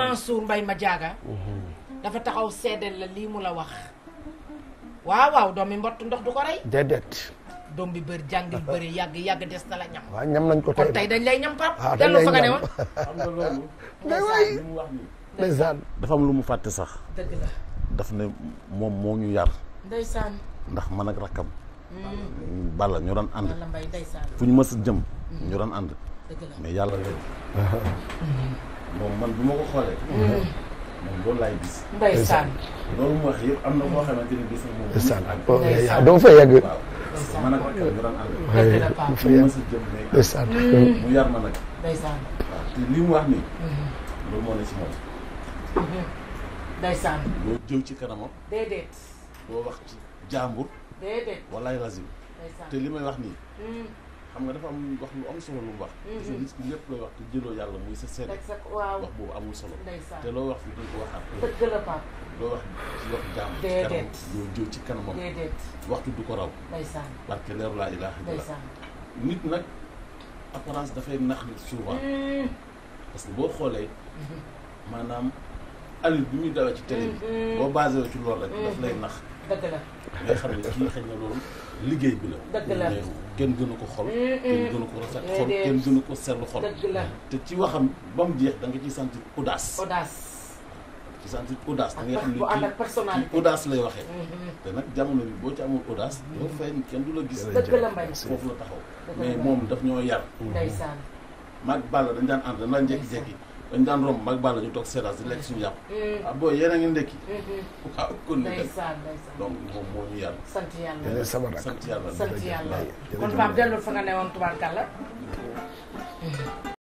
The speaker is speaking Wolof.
ma mbay ma Madiaga mhm. dafa taxaw seddal la lii mu la wax waaw waaw doom bi mbott ndox du ko rey déedéet doom bi bëri jàngil bëri yàgg yàgg des na la ñam waaw ñam nañ ko tey dañ lay ñam pap ah, dellu fa nga ne woon dafa am lu mu fàtte sax dëgg la daf ne moom moo ñu yar ndax man ak rakkam hmm. bala ñu daan ànd fu ñu mës a jëm ñu daan ànd mais yàlla leen moom man bu ma ko xoolee. Mm. moom loolu laay gis. ndeysaan loolu mu wax yëpp am na koo xamante ni gis na moom. ndeysaan oh, doo fa yegg. waaw man ak ak ñu doon ànd. mu yar ma nag. ndeysaan waaw te li mu wax nii. Mm-hmm. loolu moo ne ci moom. Mm-hmm. ndeysaan. boo jëw ci kanamam. boo wax ci jàmbur. déedéet lazim. te li may wax nii. Mm. xam nga dafa am wax lu am solo lu mu wax. Mm-hmm. parce que nit ki wax yàlla muy sa seede. waaw wax boobu amul solo. te loo wax fi dëgg waxaat. dëgg la Pape. loo wax ci wax ci kanam kanamam. waxtu du ko raw. ndeysaan barke leeru laa ilaaha illa nit nag apparence dafay nax nit souvent. Mm. parce que boo xoolee. Mm-hmm. maanaam. alil bi muy dawee ci télé bi. Mm-hmm. boo basé ci loolu rek. daf lay mm-hmm. nax. dëgg la ngay xam ne kii xëy na loolu liggéey bi la. dëgg la kenn gënu ko xol. Mm-hmm. kenn gënu ko rafet xol ko seetlu xol. dëgg la te ci waxam ba mu jeex danga ci ciy sentir audace. audace. ci sentir audace da ngay xam ne kii audace lay waxee. te nag jamono bi boo ci amul audace. doo fay kenn du la gis. dëgg la mbay foofu la taxaw. mais moom daf ñoo yar. ndeysaan. mag Balla dañ daan ànd dañ daan jékki dañ daan romb mag bàll ñu toog seeraas di lekk suñu yàpp mm. ah booy yéen a ngi ndekki waaw mm-hmm. ah, kon ni donc moom moo ñu yàlla sant yàlla sant yàlla kon Pape dellul fa nga newoon tubaarkàlla